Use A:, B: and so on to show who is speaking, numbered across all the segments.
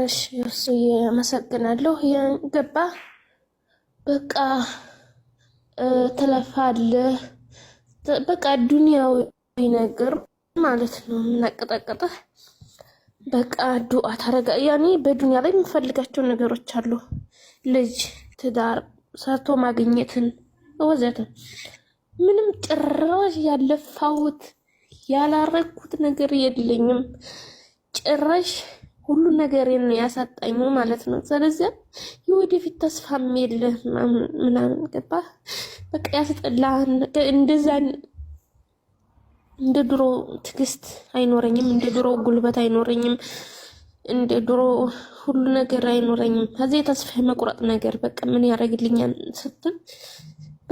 A: እሺ እሱ አመሰግናለሁ። ገባ በቃ ትለፋለ በቃ ዱንያዊ ነገር ማለት ነው የምናቀጣቀጠህ። በቃ ዱአ ታረጋ። ያኔ በዱንያ ላይ የምፈልጋቸው ነገሮች አሉ፣ ልጅ፣ ትዳር፣ ሰርቶ ማግኘትን ወዘተ። ምንም ጭራሽ ያለፋሁት ያላረግኩት ነገር የለኝም። ጭራሽ ሁሉ ነገር ነው ያሳጣኝ ማለት ነው። ስለዚያ የወደፊት ተስፋም የለህ ምናምን ገባህ? በቃ ያስጠላ እንደዛ እንደ ድሮ ትግስት አይኖረኝም፣ እንደ ድሮ ጉልበት አይኖረኝም፣ እንደ ድሮ ሁሉ ነገር አይኖረኝም። ከዚህ የተስፋ የመቁረጥ ነገር በቃ ምን ያደርግልኛል ስትል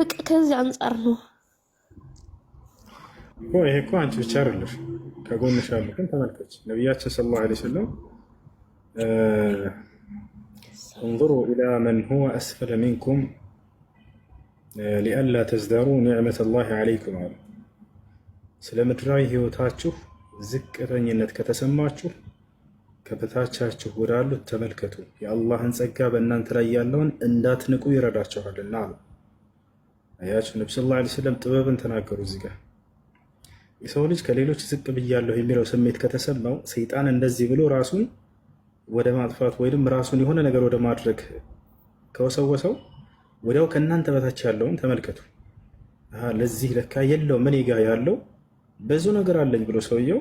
A: በቃ ከዚህ አንጻር ነው
B: ይሄ እኮ አንቺ ብቻ አይደለሽ ከጎንሽ ግን ተመልከች። ነቢያችን ሰለላሁ ዐለይሂ ወሰለም እንظሩ ኢላ መን ሁወ አስፈለ ሚንኩም ሊአላ ተዝዳሩ ኒዕመተ ላሂ ዐለይኩም አሉ። ስለ ምድራዊ ህይወታችሁ ዝቅተኝነት ከተሰማችሁ ከበታቻችሁ ወዳሉት ተመልከቱ፣ የአላህን ጸጋ በእናንተ ላይ ያለውን እንዳትንቁ ይረዳችኋልና አሉ። አያችሁ ነቢ ስ ላ ስለም ጥበብን ተናገሩ እዚህ ጋር የሰው ልጅ ከሌሎች ዝቅ ብያለሁ የሚለው ስሜት ከተሰማው ሰይጣን እንደዚህ ብሎ ራሱን ወደ ማጥፋት ወይም ራሱን የሆነ ነገር ወደ ማድረግ ከወሰወሰው ወዲያው ከእናንተ በታች ያለውን ተመልከቱ። ለዚህ ለካ የለው እኔ ጋ ያለው ብዙ ነገር አለኝ ብሎ ሰውየው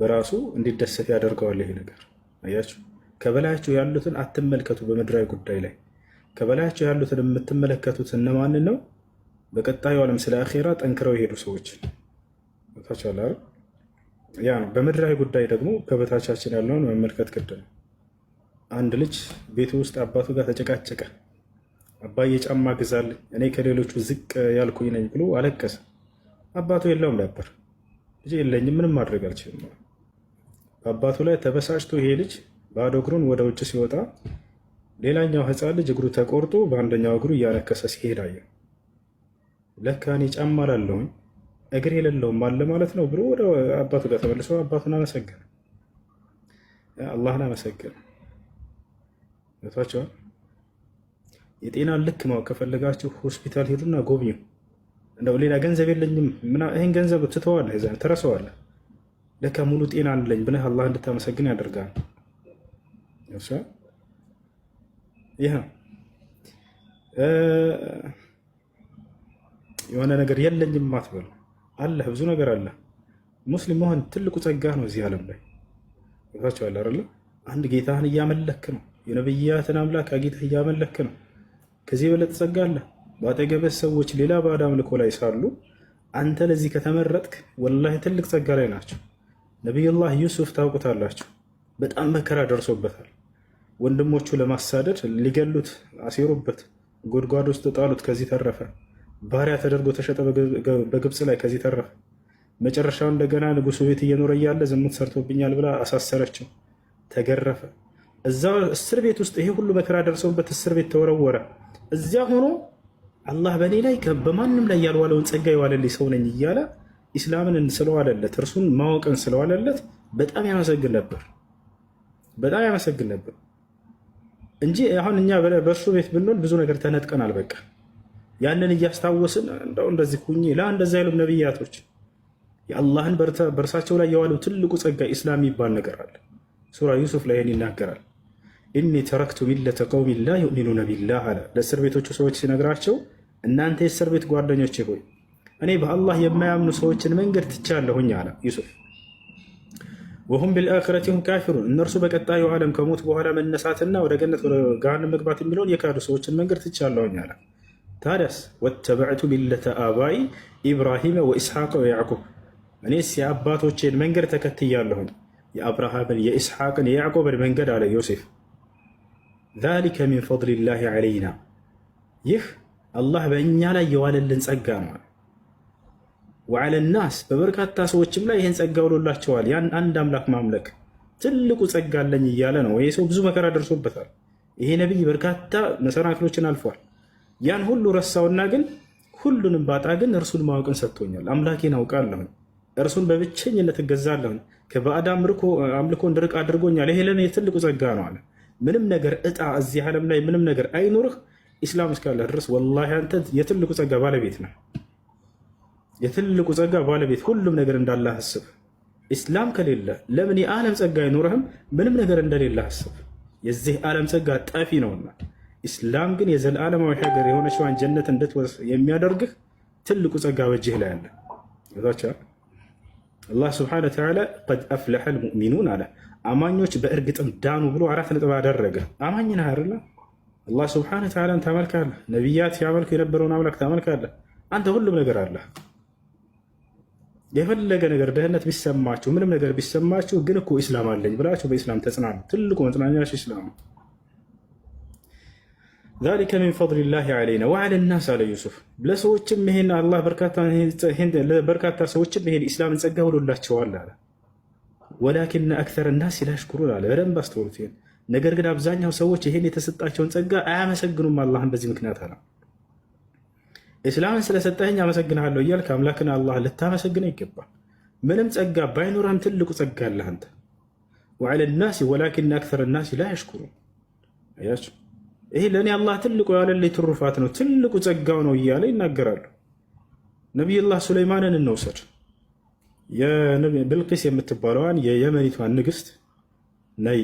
B: በራሱ እንዲደሰት ያደርገዋል። ይሄ ነገር አያችሁ፣ ከበላያችሁ ያሉትን አትመልከቱ። በምድራዊ ጉዳይ ላይ ከበላያችሁ ያሉትን የምትመለከቱት እነማንን ነው? በቀጣዩ ዓለም ስለ አኼራ ጠንክረው የሄዱ ሰዎችን ታቻለ ያ ነው። በምድራዊ ጉዳይ ደግሞ ከበታቻችን ያለውን መመልከት ግድ ነው። አንድ ልጅ ቤቱ ውስጥ አባቱ ጋር ተጨቃጨቀ። አባዬ ጫማ ግዛል፣ እኔ ከሌሎቹ ዝቅ ያልኩኝ ነኝ ብሎ አለቀሰ። አባቱ የለውም ነበር ልጅ የለኝም፣ ምንም ማድረግ አልችልም። በአባቱ ላይ ተበሳጭቶ ይሄ ልጅ ባዶ እግሩን ወደ ውጭ ሲወጣ ሌላኛው ህፃን ልጅ እግሩ ተቆርጦ በአንደኛው እግሩ እያነከሰ ሲሄድ አየ። ለካ እኔ ጫማ ላለሁኝ እግር የሌለውም አለ ማለት ነው ብሎ ወደ አባቱ ጋር ተመልሶ አባቱን አመሰገነ፣ አላህን አመሰገነ። ቷቸዋል የጤና ልክ ማወቅ ከፈለጋችሁ ሆስፒታል ሄዱና ጎብኙ። እንደው ሌላ ገንዘብ የለኝም ምና ይህን ገንዘብ ትተዋለህ፣ ዛ ትረሳዋለህ። ለካ ሙሉ ጤና አለኝ ብለህ አላህ እንድታመሰግን ያደርጋል። ይህ የሆነ ነገር የለኝም አትበሉ። አለ፣ ብዙ ነገር አለ። ሙስሊም መሆን ትልቁ ጸጋ ነው እዚህ ዓለም ላይ ይባቸዋል አይደለ? አንድ ጌታህን እያመለክ ነው። የነብያትን አምላክ አጌታህ እያመለክ ነው። ከዚህ የበለጠ ጸጋ አለ? በአጠገበት ሰዎች ሌላ ባዕድ አምልኮ ላይ ሳሉ አንተ ለዚህ ከተመረጥክ ወላሂ ትልቅ ጸጋ ላይ ናቸው። ነቢዩላህ ዩሱፍ ታውቁታላችሁ። በጣም መከራ ደርሶበታል። ወንድሞቹ ለማሳደድ ሊገሉት አሴሩበት፣ ጎድጓድ ውስጥ ጣሉት። ከዚህ ተረፈ። ባሪያ ተደርጎ ተሸጠ በግብፅ ላይ። ከዚህ ተረፈ። መጨረሻው እንደገና ንጉሱ ቤት እየኖረ እያለ ዝሙት ሰርቶብኛል ብላ አሳሰረችው። ተገረፈ። እዛ እስር ቤት ውስጥ ይሄ ሁሉ መከራ ደርሰውበት እስር ቤት ተወረወረ። እዚያ ሆኖ አላህ በእኔ ላይ በማንም ላይ ያልዋለውን ጸጋ የዋለልኝ ሰው ነኝ እያለ ኢስላምን ስለዋለለት እርሱን ማወቅን ስለዋለለት በጣም ያመሰግን ነበር፣ በጣም ያመሰግን ነበር እንጂ አሁን እኛ በእርሱ ቤት ብንሆን ብዙ ነገር ተነጥቀናል። በቃ ያንን እያስታወስን እንደው እንደዚህ ሁኝ ላ እንደዚህ አይሉም ነቢያቶች። የአላህን በእርሳቸው ላይ የዋለው ትልቁ ጸጋ ኢስላም ይባል ነገር አለ። ሱራ ዩሱፍ ላይ ይህን ይናገራል። እኒ ተረክቱ ሚለተ ቀውሚ ላ ዩእሚኑነ ቢላህ አለ ለእስር ቤቶቹ ሰዎች ሲነግራቸው፣ እናንተ የእስር ቤት ጓደኞቼ ሆይ እኔ በአላህ የማያምኑ ሰዎችን መንገድ ትቻለሁኝ አለ ዩሱፍ። ወሁም ቢልአክረት ሁም ካፊሩን እነርሱ በቀጣዩ ዓለም ከሞት በኋላ መነሳትና ወደ ገነት ወደ ገሃነም መግባት የሚለውን የካዱ ሰዎችን መንገድ ትቻለሁኝ አለ ታዲያስ ወተበዕቱ ሚለተ አባይ ኢብራሂመ ወኢስሐቀ ወያዕቁብ እኔስ የአባቶቼን መንገድ ተከትያለሁኝ የአብርሃምን የኢስሐቅን የያዕቆብን መንገድ አለ ዮሴፍ። ዛሊከ ሚን ፈድሊላሂ ዓለይና ይህ አላህ በእኛ ላይ የዋለልን ጸጋ ነው። ወዓለ ናስ በበርካታ ሰዎችም ላይ ይህን ጸጋ ውሎላቸዋል። ያን አንድ አምላክ ማምለክ ትልቁ ጸጋ አለኝ እያለ ነው። ይህ ሰው ብዙ መከራ ደርሶበታል። ይሄ ነቢይ በርካታ መሰናክሎችን አልፏል። ያን ሁሉ ረሳውና ግን ሁሉንም ባጣ ግን እርሱን ማወቅን ሰጥቶኛል። አምላኬን አውቃለሁኝ፣ እርሱን በብቸኝነት እገዛለሁኝ። ከባዕድ አምልኮ እንድርቅ አድርጎኛል። ይሄ ለእኔ ትልቁ ጸጋ ነው አለ። ምንም ነገር እጣ እዚህ ዓለም ላይ ምንም ነገር አይኖርህ ኢስላም እስካለ ድረስ ወላሂ አንተ የትልቁ ጸጋ ባለቤት ነው። የትልቁ ጸጋ ባለቤት ሁሉም ነገር እንዳለ አስብ። ኢስላም ከሌለ ለምን የዓለም ጸጋ አይኖርህም? ምንም ነገር እንደሌለ አስብ። የዚህ ዓለም ጸጋ ጠፊ ነውና ኢስላም ግን የዘላለማዊ ሀገር የሆነችዋን ጀነት እንድትወስ የሚያደርግህ ትልቁ ጸጋ በእጅህ ላይ አለ። አላህ ስብሐነ ወተዓላ ቀድ አፍለሐ ልሙእሚኑን አለ። አማኞች በእርግጥም ዳኑ ብሎ አራት ነጥብ አደረገ። አማኝ ነህ አይደለ? አላህ ስብሐነ ወተዓላን ታመልካለህ። ነቢያት ያመልኩ የነበረውን አምላክ ታመልካለህ። አንተ ሁሉም ነገር አለ። የፈለገ ነገር ደህነት ቢሰማችሁ፣ ምንም ነገር ቢሰማችሁ ግን እኮ ኢስላም አለኝ ብላችሁ በኢስላም ተጽናኑ። ትልቁ መጽናኛችሁ ኢስላም ነው። ዛሊከ ሚን ፈድሊላሂ ዓለይና ወዓለ ናስ አለ ዩሱፍ። ለሰዎችም ይሄን አላህ በርካታ ሰዎችም ይሄን ኢስላምን ጸጋ ብሎላቸዋል አለ። ወላኪን አክተር ናስ ላሽኩሩን አለ። በደንብ አስተውሉት። ነገር ግን አብዛኛው ሰዎች ይሄን የተሰጣቸውን ጸጋ አያመሰግኑም አላህን። በዚህ ምክንያት አለ ኢስላምን ስለሰጠኝ አመሰግንሃለሁ እያልክ አምላክን አላህ ልታመሰግነው ይገባል። ምንም ጸጋ ባይኖርህም ትልቁ ጸጋ አለህ አንተ። ወዓለ ናስ ወላኪን አክተር ናስ ላ ያሽኩሩን ይሄ ለእኔ አላህ ትልቁ ያለልኝ ትሩፋት ነው፣ ትልቁ ጸጋው ነው እያለ ይናገራሉ። ነቢዩላህ ሱለይማንን እንውሰድ። ብልቅስ የምትባለዋን የየመኒቷን ንግስት ነይ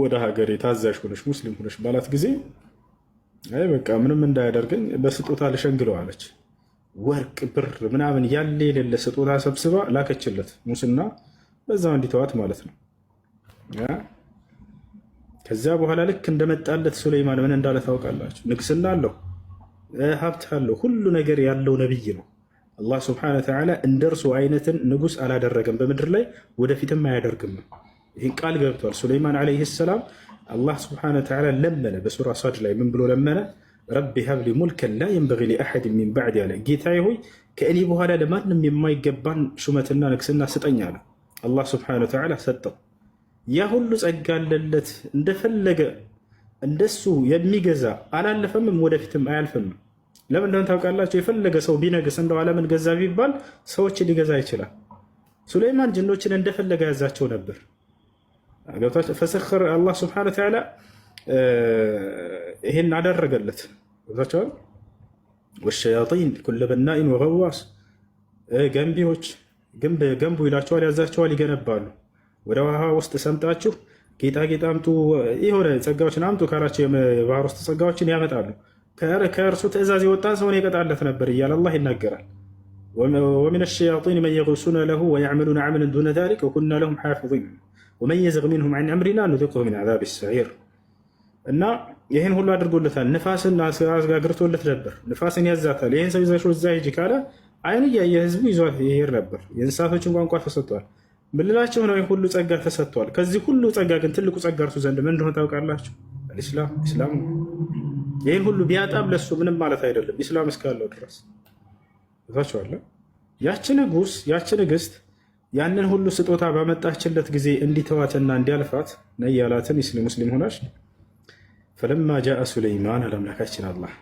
B: ወደ ሀገሬ ታዛዥ ሆነች ሙስሊም ሆነች ባላት ጊዜ አይ በቃ ምንም እንዳያደርገኝ በስጦታ ልሸንግለው አለች። ወርቅ ብር ምናምን ያለ የሌለ ስጦታ ሰብስባ ላከችለት ሙስና በዛው እንዲተዋት ማለት ነው። ከዚያ በኋላ ልክ እንደመጣለት ሱለይማን ምን እንዳለ ታውቃላችሁ? ንግስና አለው፣ ሀብት አለው፣ ሁሉ ነገር ያለው ነቢይ ነው። አላህ ስብሐነ ወተዓላ እንደ እርሱ አይነትን ንጉስ አላደረገም በምድር ላይ ወደፊትም አያደርግም። ይህን ቃል ገብቷል። ሱሌይማን ዓለይሂ ሰላም አላህ ስብሐነ ወተዓላ ለመነ። በሱራ ሳድ ላይ ምን ብሎ ለመነ? ረቢ ሀብሊ ሙልከን ላ የንበጊ ሊአሐድ ሚን ባዕድ ያለ ጌታዬ ሆይ ከእኔ በኋላ ለማንም የማይገባን ሹመትና ንግስና ስጠኝ አለ። አላህ ስብሐነ ወተዓላ ሰጠው። ያ ሁሉ ጸጋ አለለት እንደፈለገ እንደሱ የሚገዛ አላለፈምም፣ ወደፊትም አያልፍምም። ለምን እንደሆነ ታውቃላችሁ? የፈለገ ሰው ቢነግስ እንደው ዓለምን ገዛ ቢባል ሰዎችን ሊገዛ ይችላል። ሱሌይማን ጅኖችን እንደፈለገ ያዛቸው ነበር። ፈሰኸረ አላህ ስብሐነሁ ወተዓላ ይሄን አደረገለት። ገብታችኋል? ወሸያጢን ኩለ በናኢን ወገዋስ ገንቢዎች ገንቡ ይላቸዋል፣ ያዛቸዋል፣ ይገነባሉ ወደ ውሃ ውስጥ ሰምጣችሁ ጌጣጌጥ አምጡ፣ የሆነ ጸጋዎችን አምጡ ካላቸው የባህር ውስጥ ጸጋዎችን ያመጣሉ። ከእርሱ ትእዛዝ የወጣ ሰውን የቀጣለት ነበር እያለ አላህ ይናገራል። ወሚነ ሸያጢን መን የጉሱነ ለሁ ወየዕመሉነ ዐመለን ዱነ ዛሊከ ወኩና ለሁም ሓፊዚን ወመን የዝግ ሚንሁም ዐን አምሪና ኑዚቅሁ ሚን ዐዛብ ሰዒር እና ይህን ሁሉ አድርጎለታል። ንፋስን አስጋግርቶለት ነበር። ንፋስን ያዛታል። ይህን ሰው ይዘሽው እዛ ሂጂ ካለ አይኑ እያየ ህዝቡ ይዟት ይሄድ ነበር። የእንስሳቶችን ቋንቋ ተሰጥቷል። ምልላቸው ነው ሁሉ ጸጋ ተሰጥቷል። ከዚህ ሁሉ ጸጋ ግን ትልቁ ጸጋ እርሱ ዘንድ ምን እንደሆነ ታውቃላችሁ? ኢስላም ኢስላም ነው። ይህን ሁሉ ቢያጣም ለሱ ምንም ማለት አይደለም፣ ኢስላም እስካለው ድረስ ታቸዋለ። ያች ንጉስ ያች ንግስት ያንን ሁሉ ስጦታ ባመጣችለት ጊዜ እንዲተዋትና እንዲያልፋት ነያላትን ያላትን ሙስሊም ሆናች። ፈለማ ጃአ ሱለይማን አላምላካችን አላህ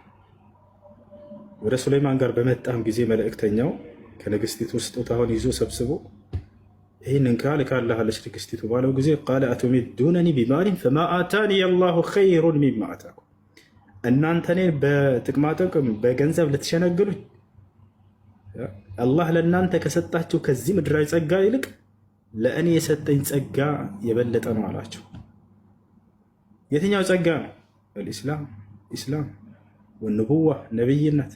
B: ወደ ሱለይማን ጋር በመጣም ጊዜ መልእክተኛው ከንግስቲቱ ስጦታውን ይዞ ሰብስቦ ይህንን ቃል እካልሃለች ንግስቲቱ ባለው ጊዜ ቃለ አቱሚዱነኒ ቢማሊን ፈማ አታኒ የላሁ ኸይሩን ሚማ አታኩም። እናንተ በጥቅማጥቅም በገንዘብ ልትሸነግሉኝ አላህ ለእናንተ ከሰጣችሁ ከዚህ ምድራዊ ጸጋ ይልቅ ለእኔ የሰጠኝ ጸጋ የበለጠ ነው አላቸው። የትኛው ጸጋ ነው? አልኢስላም ኢስላም ወንቡዋ ነብይነት።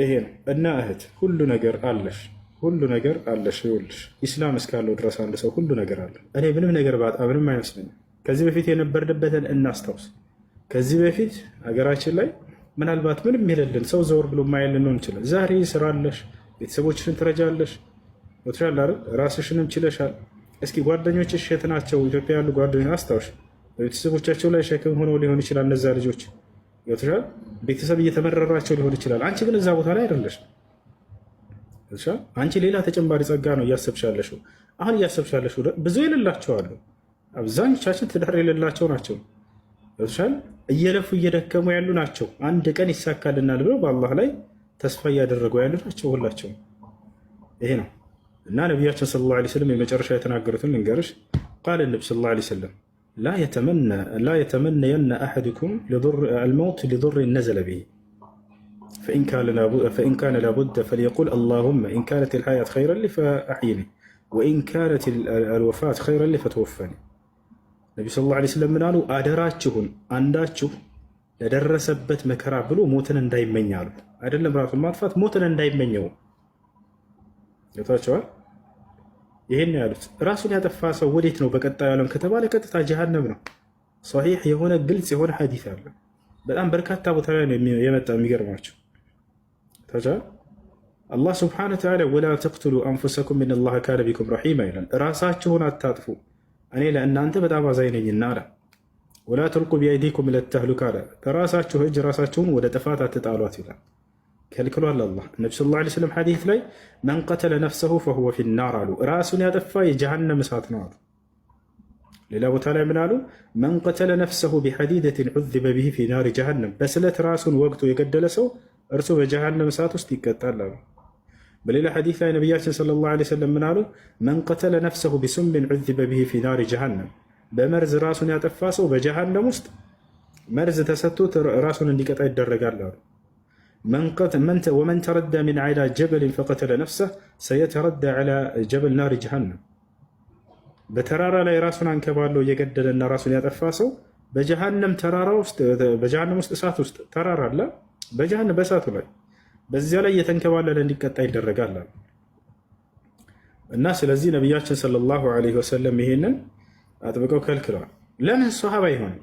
B: ይሄ ነው እና እህት ሁሉ ነገር አለሽ ሁሉ ነገር አለሽ። ይኸውልሽ ኢስላም እስካለው ድረስ አንድ ሰው ሁሉ ነገር አለ። እኔ ምንም ነገር ባጣ ምንም አይመስለኝም። ከዚህ በፊት የነበርንበትን እናስታውስ። ከዚህ በፊት ሀገራችን ላይ ምናልባት ምንም የሌለን ሰው ዘወር ብሎ ማየል ነው እንችላል። ዛሬ ስራ አለሽ፣ ቤተሰቦችሽን ትረጃለሽ፣ ወትሪያል አይደል? ራስሽንም ችለሻል። እስኪ ጓደኞችሽ የት ናቸው? ኢትዮጵያ ያሉ ጓደኞች አስታውሽ። በቤተሰቦቻቸው ላይ ሸክም ሆኖ ሊሆን ይችላል። እነዛ ልጆች ወትሪያል ቤተሰብ እየተመረራቸው ሊሆን ይችላል። አንቺ ግን እዛ ቦታ ላይ አይደለሽ። አንቺ ሌላ ተጨማሪ ጸጋ ነው እያሰብሻለሽው። አሁን እያሰብሻለሽው ብዙ የሌላቸው አሉ። አብዛኞቻችን ትዳር የሌላቸው ናቸው። እሺ እየለፉ እየደከሙ ያሉ ናቸው። አንድ ቀን ይሳካልናል ብለው በአላህ ላይ ተስፋ እያደረጉ ያሉ ናቸው። ሁላቸው ይሄ ነው እና ነቢያችን ሰለላሁ ዐለይሂ ወሰለም የመጨረሻ የተናገሩትን ልንገርሽ። ቃል ነቢ ሰለላሁ ዐለይሂ ወሰለም ላ የተመነየነ አሐድኩም አልመውት ሊዱር ነዘለ ብሂ ፈኢን ካነ ላቡደ ፈልየቁል አላሁመ ኢን ካነት ልሀያት ኸይረን ሊ ፈአሕይኒ ወኢን ካነት አልወፋት ኸይረን ሊ ፈተወፈኒ። ነቢዩ ሰለላሁ ዐለይሂ ወሰለም ምን አደራችሁን አንዳችሁ ለደረሰበት መከራ ብሎ ሞትን እንዳይመኝ አሉ። አይደለም ራሱን ማጥፋት ሞትን እንዳይመኘው ታቸዋል። ይህን ያሉት ራሱን ያጠፋ ሰው ወዴት ነው በቀጣዩ ዓለም ከተባለ ቀጥታ ጀሃነም ነው። ሰሒሕ የሆነ ግልጽ የሆነ ሐዲስ አለ። በጣም በርካታ ቦታ ላይ የመጣ የሚገርማቸው ተቻል አላህ ስብሓነ ወተዓላ ወላ ተቅትሉ አንፉሰኩም ኢነላህ ካነ ቢኩም ረሒማ ይላል። ራሳችሁን አታጥፉ እኔ ለእናንተ በጣም አዛኝ ነኝና አለ። ወላ ተልቁ ቢአይዲኩም ለተህሉካ አለ። ከራሳችሁ እጅ ራሳችሁን ወደ ጥፋት አትጣሏት ይላል። ከልክሏል አላህ። ነቢ ስ ላ ስለም ሐዲት ላይ መን ቀተለ ነፍሰሁ ፈሁወ ፊናር አሉ። ራሱን ያጠፋ የጀሃነም እሳት ነው አሉ። ሌላ ቦታ ላይ ምን አሉ? መን ቀተለ ነፍሰሁ ቢሐዲደትን ዑዚበ ቢሂ ፊናር ናሪ ጀሃነም። በስለት ራሱን ወግቶ የገደለ ሰው እርሱ በጀሃነም እሳት ውስጥ ይቀጣል አሉ። በሌላ ሐዲስ ላይ ነቢያችን ሰለላሁ ዐለይሂ ወሰለም ምን አሉ? መን ቀተለ ነፍሰሁ ቢሱምን ዑዚበ ቢሂ ፊ ናሪ ጀሃነም፣ በመርዝ ራሱን ያጠፋ ሰው በጀሃነም ውስጥ መርዝ ተሰጥቶት ራሱን እንዲቀጣ ይደረጋል አሉ። ወመን ተረዳ ሚን ዐላ ጀበልን ፈቀተለ ነፍሰህ ሰየተረዳ ዐላ ጀበል ናሪ ጀሃነም፣ በተራራ ላይ ራሱን አንከባለው እየገደለና ራሱን ያጠፋ ሰው በጀሃነም ተራራ ውስጥ በጀሃነም ውስጥ እሳት ውስጥ ተራራ አለ በጃህን በእሳቱ ላይ በዚያ ላይ እየተንከባለለ እንዲቀጣ ይደረጋል እና ስለዚህ ነቢያችን ሰለላሁ ዐለይሂ ወሰለም ይሄንን አጥብቀው ከልክለዋል። ለምን ሶሃባ ይሆን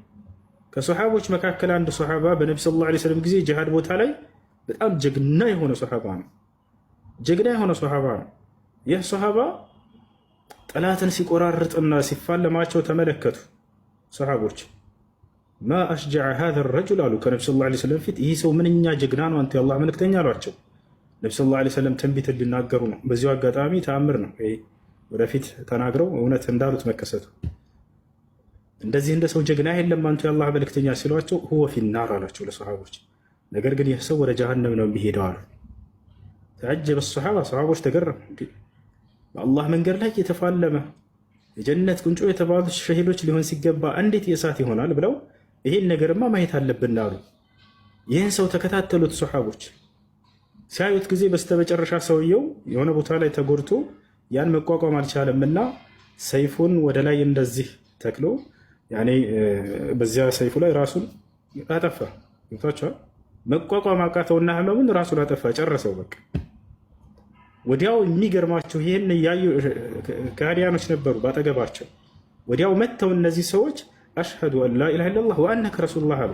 B: ከሶሃቦች መካከል አንድ ሶሃባ በነቢ ሰለላሁ ዐለይሂ ወሰለም ጊዜ ጅሃድ ቦታ ላይ በጣም ጀግና የሆነ ሶሓባ ነው። ጀግና የሆነ ሶሓባ ነው። ይህ ሶሓባ ጠላትን ሲቆራርጥና ሲፋለማቸው ተመለከቱ ሶሓቦች ማ አሽጀዐ ሃዛ ረጁል አሉ ከነቢ ስ ላ ሰለም ፊት ይህ ሰው ምንኛ ጀግና ነው አንተ የአላህ መልክተኛ አሏቸው። ነቢ ስ ላ ሰለም ትንቢት እንዲናገሩ ነው። በዚሁ አጋጣሚ ተአምር ነው። ወደፊት ተናግረው እውነት እንዳሉት መከሰቱ እንደዚህ እንደ ሰው ጀግና የለም አንቱ የአላህ መልክተኛ ሲሏቸው፣ ሁወ ፊናር አላቸው ለሰሃቦች። ነገር ግን ይህ ሰው ወደ ጀሃነም ነው የሚሄደው አሉ። ተአጀበ ሰሓባ ሰሃቦች ተገረሙ። በአላህ መንገድ ላይ የተፋለመ የጀነት ቁንጮ የተባሉ ሸሂዶች ሊሆን ሲገባ እንዴት የእሳት ይሆናል ብለው ይሄን ነገርማ ማየት አለብን አሉ። ይህን ሰው ተከታተሉት ሶሓቦች። ሲያዩት ጊዜ በስተመጨረሻ ሰውየው የሆነ ቦታ ላይ ተጎድቶ ያን መቋቋም አልቻለም እና ሰይፉን ወደ ላይ እንደዚህ ተክሎ ያኔ በዚያ ሰይፉ ላይ ራሱን አጠፋ። ይታቸዋል መቋቋም አቃተውና ህመሙን ራሱን አጠፋ፣ ጨረሰው በቃ። ወዲያው የሚገርማቸው ይህን እያዩ ከሃዲያኖች ነበሩ ባጠገባቸው። ወዲያው መጥተው እነዚህ ሰዎች አሽሀዱ አን ላኢላሃ ኢለላህ ወአነከ ረሱሉላህ አሉ።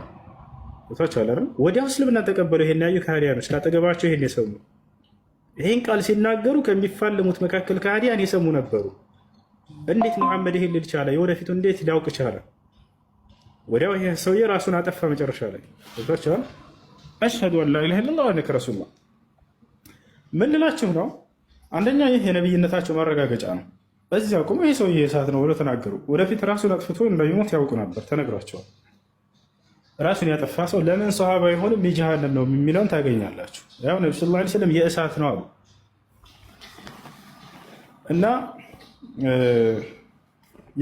B: ቦታቸው አላርም ወዲያው እስልምና ተቀበለው። ይሄን ያዩ ከሃዲያኖች ካጠገባቸው ይሄን የሰሙ ይህን ቃል ሲናገሩ ከሚፋለሙት መካከል ከሃዲያን የሰሙ ነበሩ። እንዴት መሐመድ ይሄን ልል ቻለ? የወደፊቱ እንዴት ሊያውቅ ቻለ? ወዲያው ይሄ ሰውዬ ራሱን አጠፋ። መጨረሻ ላይ ቦታቸው አሽሀዱ አን ላኢላሃ ኢለላህ ወአነከ ረሱሉላህ ምን ልላችሁ ነው? አንደኛ ይህ የነብይነታቸው ማረጋገጫ ነው። በዚህ ቁሞ ይህ ሰውዬ እሳት ነው ብለው ተናገሩ። ወደፊት ራሱን አጥፍቶ እንዳይሞት ያውቁ ነበር፣ ተነግሯቸዋል። ራሱን ያጠፋ ሰው ለምን ሰሃባ አይሆንም የጀሃነም ነው የሚለውን ታገኛላችሁ። ያው ነቢ ስ ላ ስለም የእሳት ነው አሉ እና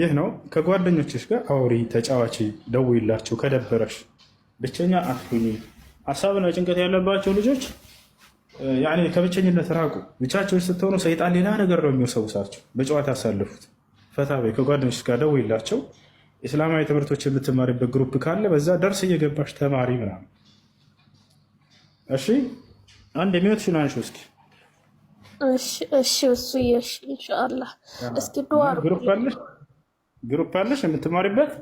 B: ይህ ነው። ከጓደኞችሽ ጋር አውሪ፣ ተጫዋች፣ ደውይላቸው ከደበረሽ ብቸኛ አትሁኚ። ሀሳብና ጭንቀት ያለባቸው ልጆች ከብቸኝነት ራቁ። ብቻቸውን ስትሆኑ ሰይጣን ሌላ ነገር ነው የሚወሰውሳቸው። በጨዋታ ያሳልፉት። ፈታ በይ፣ ከጓደኞች ጋር ደውይላቸው። እስላማዊ ትምህርቶች የምትማሪበት ግሩፕ ካለ በዛ ደርስ እየገባሽ ተማሪ ምናምን። እሺ፣ አንድ የሚወት ሽናንሽ እስኪ። እሱ ኢንሻላህ። እስኪ ግሩፕ አለሽ የምትማሪበት?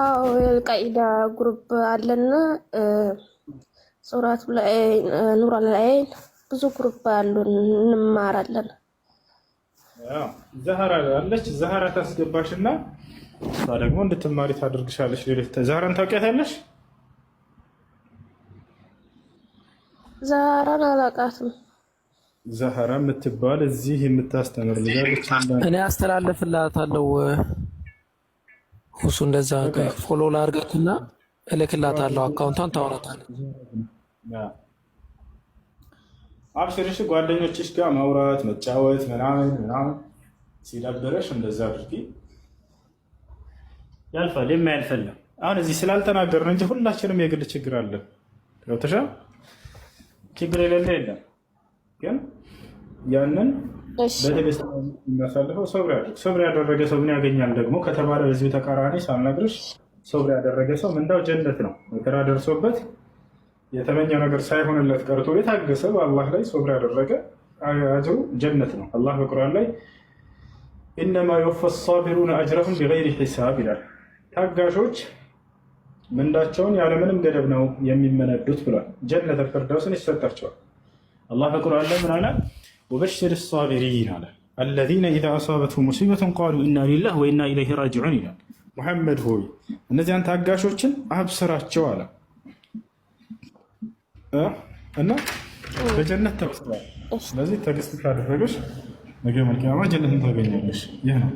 A: አዎ፣ ቀኢዳ ግሩፕ አለና ሱራቱል ኑራል አይን ብዙ ግሩፕ አሉን፣ እንማራለን።
B: ዛህራ አለች። ዛህራ ታስገባሽና እሷ ደግሞ እንድትማሪ ታደርግሻለች። ሌሎች ዛህራን ታውቂያታለሽ?
A: ዛህራን አላውቃትም።
B: ዛህራ የምትባል እዚህ የምታስተምር
A: ልጃለች። እኔ አስተላለፍላታለሁ። ሁሱ እንደዛ ፎሎ ላድርጋትና እልክላታለሁ። አካውንቷን ታወራታለህ።
B: አብሽርሽ ጓደኞችሽ ጋር ማውራት መጫወት ምናምን ምናምን ሲደብረሽ እንደዛ አድርጊ። ያልፋል። የማያልፈን ነው። አሁን እዚህ ስላልተናገርን እንጂ ሁላችንም የግል ችግር አለ። ተሻ ችግር የሌለ የለም። ግን ያንን በተገሰ የሚያሳልፈው ሰብር ያደረገ ሰው ምን ያገኛል? ደግሞ ከተባለ በዚሁ ተቃራኒ ሳልነግርሽ ሶብር ያደረገ ሰው ምንዳው ጀነት ነው። መከራ ደርሶበት የተመኘው ነገር ሳይሆንለት ቀርቶ የታገሰ በአላህ ላይ ሶብር ያደረገ አጅሩ ጀነት ነው። አላህ በቁርአን ላይ ኢነማ የወፈ ሳቢሩን አጅረሁም ቢገይሪ ሒሳብ ይላል። ታጋሾች ምንዳቸውን ያለምንም ገደብ ነው የሚመነዱት ብሏል። ጀነት አልፈርዳውስን ይሰጣቸዋል። አላህ በቁርአን ላይ ምን አለ? ወበሽር ሳቢሪን አለ አለዚነ ኢዛ አሳበትሁም ሙሲበቱን ቃሉ ኢና ሊላህ ወኢና ኢለይህ ራጅዑን ይላል ሙሐመድ ሆይ እነዚያን ታጋሾችን አብስራቸው አለ እና በጀነት ተብስራል። ስለዚህ ተግስት ካደረገች ነገ መልቅያማ ጀነትን ታገኛለች።
A: ይህ ነው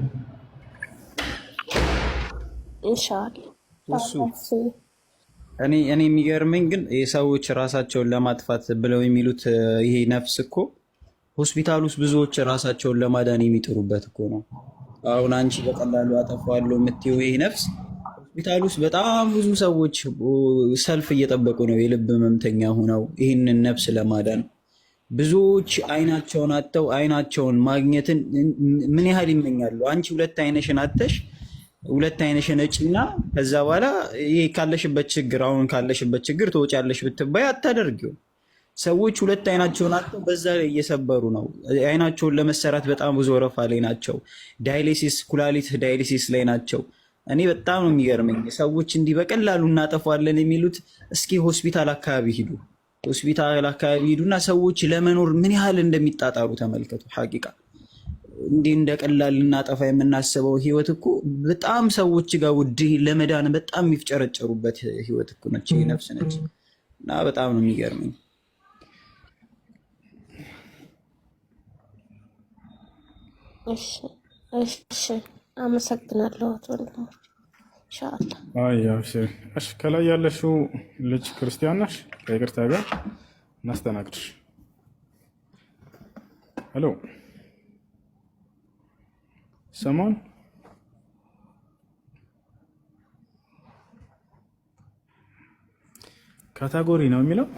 A: እኔ እኔ የሚገርመኝ ግን የሰዎች ራሳቸውን ለማጥፋት ብለው የሚሉት ይሄ ነፍስ እኮ ሆስፒታል ውስጥ ብዙዎች ራሳቸውን ለማዳን የሚጥሩበት እኮ ነው። አሁን አንቺ በቀላሉ አጠፋዋለሁ የምትይው ይህ ነፍስ ሆስፒታል ውስጥ በጣም ብዙ ሰዎች ሰልፍ እየጠበቁ ነው፣ የልብ ህመምተኛ ሆነው ይህንን ነፍስ ለማዳን ብዙዎች አይናቸውን አጥተው አይናቸውን ማግኘትን ምን ያህል ይመኛሉ። አንቺ ሁለት አይነሽን አጥተሽ ሁለት አይነሽን እጭና ከዛ በኋላ ካለሽበት ችግር አሁን ካለሽበት ችግር ትወጫለሽ ብትባይ አታደርጊውም። ሰዎች ሁለት አይናቸውን ናቸው፣ በዛ ላይ እየሰበሩ ነው። አይናቸውን ለመሰራት በጣም ብዙ ወረፋ ላይ ናቸው። ዳይሊሲስ፣ ኩላሊት ዳይሊሲስ ላይ ናቸው። እኔ በጣም ነው የሚገርመኝ ሰዎች እንዲህ በቀላሉ እናጠፋለን የሚሉት። እስኪ ሆስፒታል አካባቢ ሂዱ፣ ሆስፒታል አካባቢ ሂዱና ሰዎች ለመኖር ምን ያህል እንደሚጣጣሩ ተመልከቱ። ሐቂቃ እንዲህ እንደ ቀላል ልናጠፋ የምናስበው ህይወት እኮ በጣም ሰዎች ጋር ውድ ለመዳን በጣም የሚፍጨረጨሩበት ህይወት እኮ ነች፣ ነፍስ ነች እና በጣም ነው የሚገርመኝ እሺ እሺ፣ አመሰግናለሁ አቶ ወንድሞች።
B: ኢንሻአላህ። ከላይ ያለሽው ልጅ ክርስቲያን ነሽ? ከይቅርታ ጋር እናስተናግድሽ። ሄሎ ሰሞን ካታጎሪ ነው የሚለው